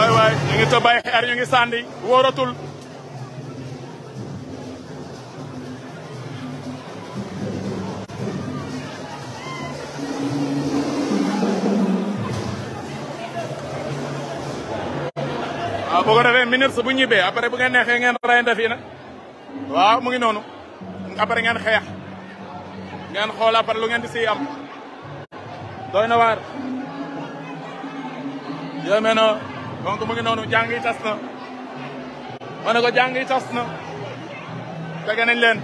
waay waay ñu ngi tëb ay xeer ñu ngi sànni wóoratul waaw boo defee ministre bu ñibbee après bu ngeen neexee ngeen rayante fii nag waaw mu ngi noonu après ngeen xeex ngeen xool après lu ngeen di siy am doy na waar yéeme donc mu ngi noonu jàng yi tas na ma ne ko jàng yi tas na tege nañ leen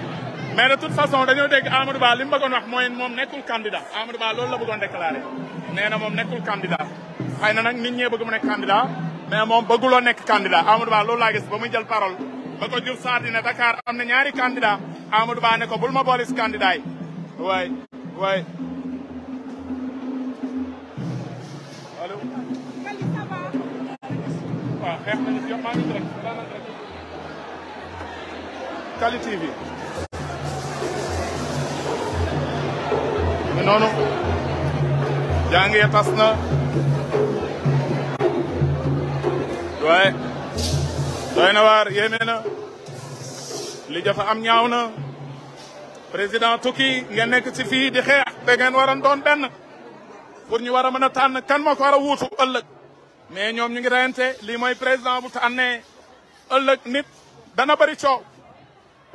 mais de toute façon dañoo dégg Amadou Ba li mu bëggoon wax mooy moom nekkul candidat Amadou Ba loolu la bëggoon déclaré nee moom nekkul candidat xëy na nag nit nekk candidat mais moom bëgguloo nekk candidat Amadou Ba loolu laa gis ba muy jël parole ba ko Diouf Sarr dina Dakar am na ñaari candidat Amadou Ba ne ko bul ma boole si xeex nañu fi maa ngi direct Kali TV mi noonu jàngee tas na waaye na waar yéeme na li jafa am ñaaw na président Tukki ngeen nekk ci fii di xeex da ngeen war a doon benn pour ñu war a mën a tànn kan moo ko war a wuutu ëllëg mais ñoom ñu ngi reyante lii mooy président bu tànnee ëllëg nit dana bëri coow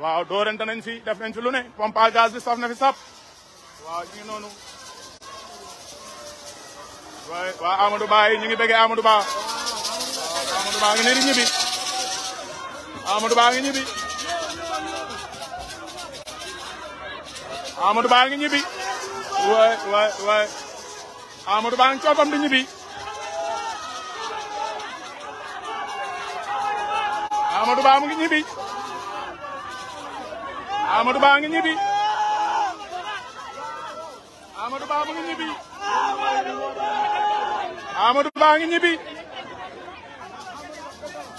waaw doorante nañ fi def nañ fi lu ne pompe à gaz bi saf na fi sap waaw ñu ngi noonu waaye waa Amadou Ba yi ñu ngi bëggee Amadou Ba Amadou Ba ngi ne di ñibbi Amadou Ba ngi ñibbi Amadou di ñibbi Amadou Ba mu ngi ñibbi